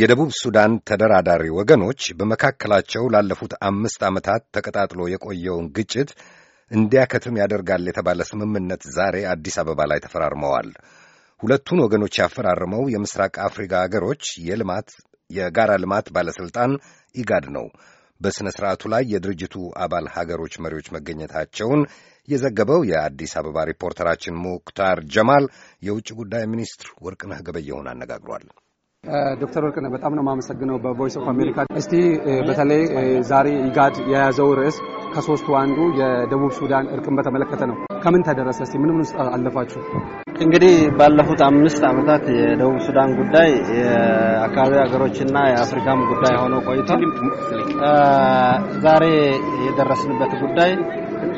የደቡብ ሱዳን ተደራዳሪ ወገኖች በመካከላቸው ላለፉት አምስት ዓመታት ተቀጣጥሎ የቆየውን ግጭት እንዲያከትም ያደርጋል የተባለ ስምምነት ዛሬ አዲስ አበባ ላይ ተፈራርመዋል። ሁለቱን ወገኖች ያፈራርመው የምስራቅ አፍሪካ አገሮች የልማት የጋራ ልማት ባለሥልጣን ኢጋድ ነው። በሥነ ሥርዓቱ ላይ የድርጅቱ አባል ሀገሮች መሪዎች መገኘታቸውን የዘገበው የአዲስ አበባ ሪፖርተራችን ሙክታር ጀማል የውጭ ጉዳይ ሚኒስትር ወርቅነህ ገበየሁን አነጋግሯል። ዶክተር ወርቅነህ በጣም ነው የማመሰግነው በቮይስ ኦፍ አሜሪካ። እስቲ በተለይ ዛሬ ኢጋድ የያዘው ርዕስ ከሶስቱ አንዱ የደቡብ ሱዳን እርቅን በተመለከተ ነው። ከምን ተደረሰ? እስቲ ምን ምን ውስጥ አለፋችሁ? እንግዲህ ባለፉት አምስት ዓመታት የደቡብ ሱዳን ጉዳይ የአካባቢ ሀገሮችና የአፍሪካም ጉዳይ ሆኖ ቆይቷል። ዛሬ የደረስንበት ጉዳይ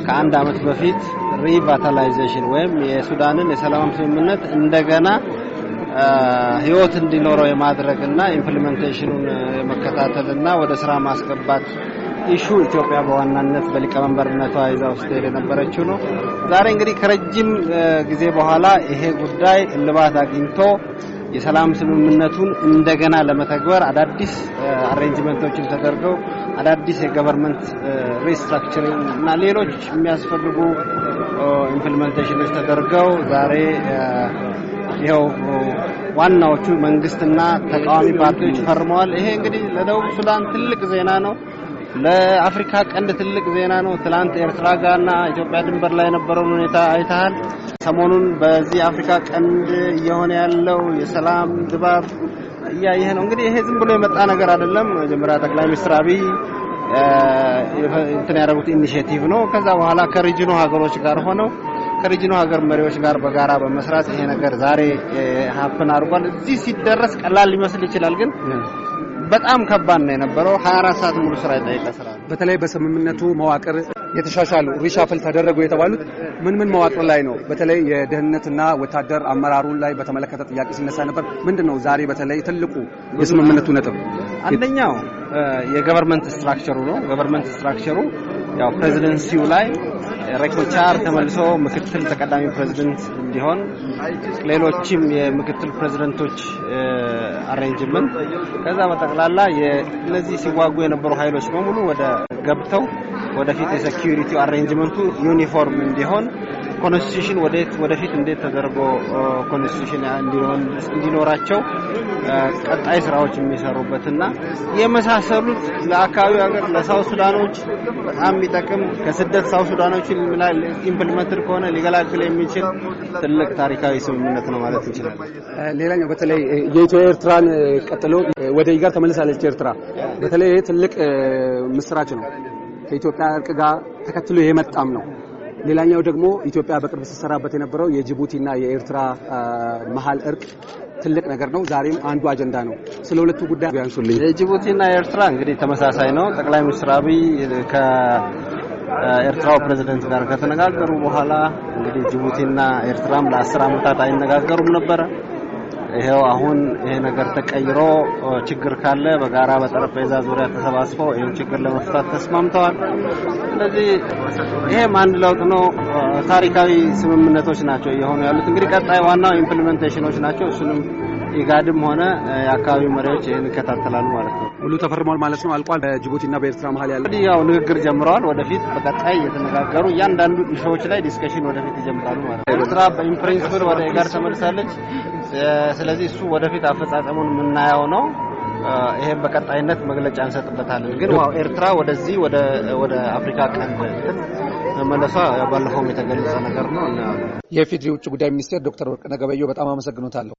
ከአንድ ዓመት በፊት ሪቫታላይዜሽን ወይም የሱዳንን የሰላም ስምምነት እንደገና ህይወት እንዲኖረው የማድረግና ኢምፕሊመንቴሽኑን የመከታተልና ወደ ስራ ማስገባት ኢሹ ኢትዮጵያ በዋናነት በሊቀመንበርነቷ ይዛ ስትሄድ የነበረችው ነው። ዛሬ እንግዲህ ከረጅም ጊዜ በኋላ ይሄ ጉዳይ እልባት አግኝቶ የሰላም ስምምነቱን እንደገና ለመተግበር አዳዲስ አሬንጅመንቶችን ተደርገው አዳዲስ የገቨርንመንት ሪስትራክቸሪንግ እና ሌሎች የሚያስፈልጉ ኢምፕሊመንቴሽኖች ተደርገው ዛሬ ይኸው ዋናዎቹ መንግስትና ተቃዋሚ ፓርቲዎች ፈርመዋል። ይሄ እንግዲህ ለደቡብ ሱዳን ትልቅ ዜና ነው። ለአፍሪካ ቀንድ ትልቅ ዜና ነው። ትላንት ኤርትራ ጋርና ኢትዮጵያ ድንበር ላይ የነበረውን ሁኔታ አይተሃል። ሰሞኑን በዚህ አፍሪካ ቀንድ እየሆነ ያለው የሰላም ድባብ እያየህ ነው። እንግዲህ ይሄ ዝም ብሎ የመጣ ነገር አይደለም። መጀመሪያ ጠቅላይ ሚኒስትር አብይ እንትን ያደረጉት ኢኒሼቲቭ ነው። ከዛ በኋላ ከሪጅኑ ሀገሮች ጋር ሆነው ከሪጅኖ ሀገር መሪዎች ጋር በጋራ በመስራት ይሄ ነገር ዛሬ ሀፕን አድርጓል። እዚህ ሲደረስ ቀላል ሊመስል ይችላል፣ ግን በጣም ከባድ ነው የነበረው። 24 ሰዓት ሙሉ ስራ ይጠይቀ ስራ ነው። በተለይ በስምምነቱ መዋቅር የተሻሻሉ ሪሻፍል ተደረጉ የተባሉት ምን ምን መዋቅር ላይ ነው? በተለይ የደህንነትና ወታደር አመራሩን ላይ በተመለከተ ጥያቄ ሲነሳ ነበር። ምንድን ነው ዛሬ በተለይ ትልቁ የስምምነቱ ነጥብ? አንደኛው የገቨርንመንት ስትራክቸሩ ነው። ገቨርንመንት ስትራክቸሩ ያው ፕሬዚደንሲው ላይ ሬኮቻር ተመልሶ ምክትል ተቀዳሚ ፕሬዝደንት እንዲሆን ሌሎችም የምክትል ፕሬዝደንቶች አሬንጅመንት ከዛ በጠቅላላ እነዚህ ሲዋጉ የነበሩ ኃይሎች በሙሉ ወደ ገብተው ወደፊት የሴኪሪቲ አሬንጅመንቱ ዩኒፎርም እንዲሆን ኮንስቲቱሽን ወዴት ወደፊት እንዴት ተደርጎ ኮንስቲቱሽን እንዲኖራቸው ቀጣይ ስራዎች የሚሰሩበትና የመሳሰሉት ለአካባቢው ሀገር ለሳውት ሱዳኖች በጣም የሚጠቅም ከስደት ሳውት ሱዳኖችን ኢምፕሊመንትድ ከሆነ ሊገላግል የሚችል ትልቅ ታሪካዊ ስምምነት ነው ማለት እንችላለን። ሌላኛው በተለይ የኢትዮ ኤርትራን ቀጥሎ ወደ ኢጋር ተመልሳለች ኤርትራ። በተለይ ይህ ትልቅ ምስራች ነው። ከኢትዮጵያ እርቅ ጋር ተከትሎ የመጣም ነው። ሌላኛው ደግሞ ኢትዮጵያ በቅርብ ስትሰራበት የነበረው የጅቡቲና የኤርትራ መሀል እርቅ ትልቅ ነገር ነው። ዛሬም አንዱ አጀንዳ ነው። ስለ ሁለቱ ጉዳይ ቢያንሱልኝ። የጅቡቲና ኤርትራ እንግዲህ ተመሳሳይ ነው። ጠቅላይ ሚኒስትር አብይ ከኤርትራው ፕሬዝደንት ጋር ከተነጋገሩ በኋላ እንግዲህ ጅቡቲና ኤርትራም ለአስር ዓመታት አይነጋገሩም ነበረ። ይሄው አሁን ይሄ ነገር ተቀይሮ ችግር ካለ በጋራ በጠረጴዛ ዙሪያ ተሰባስበው ይሄን ችግር ለመፍታት ተስማምተዋል። ስለዚህ ይሄም አንድ ለውጥ ነው። ታሪካዊ ስምምነቶች ናቸው እየሆኑ ያሉት። እንግዲህ ቀጣይ ዋናው ኢምፕሊመንቴሽኖች ናቸው። እሱንም ኢጋድም ሆነ የአካባቢው መሪዎች ይህን ይከታተላሉ ማለት ነው። ሁሉ ተፈርሟል ማለት ነው። አልቋል። በጅቡቲና በኤርትራ መሀል ያለ እንግዲህ ያው ንግግር ጀምረዋል። ወደፊት በቀጣይ የተነጋገሩ እያንዳንዱ ኢሾዎች ላይ ዲስከሽን ወደፊት ይጀምራሉ ማለት ነው። ኤርትራ በኢምፕሪንስፕል ወደ ኢጋድ ተመልሳለች። ስለዚህ እሱ ወደፊት አፈጻጸሙን የምናየው ነው። ይሄን በቀጣይነት መግለጫ እንሰጥበታለን። ግን ኤርትራ ወደዚህ ወደ አፍሪካ ቀንድ መመለሷ ባለፈውም የተገለጸ ነገር ነው። የኢፌዴሪ ውጭ ጉዳይ ሚኒስቴር ዶክተር ወርቅነህ ገበየሁ በጣም አመሰግኖታለሁ።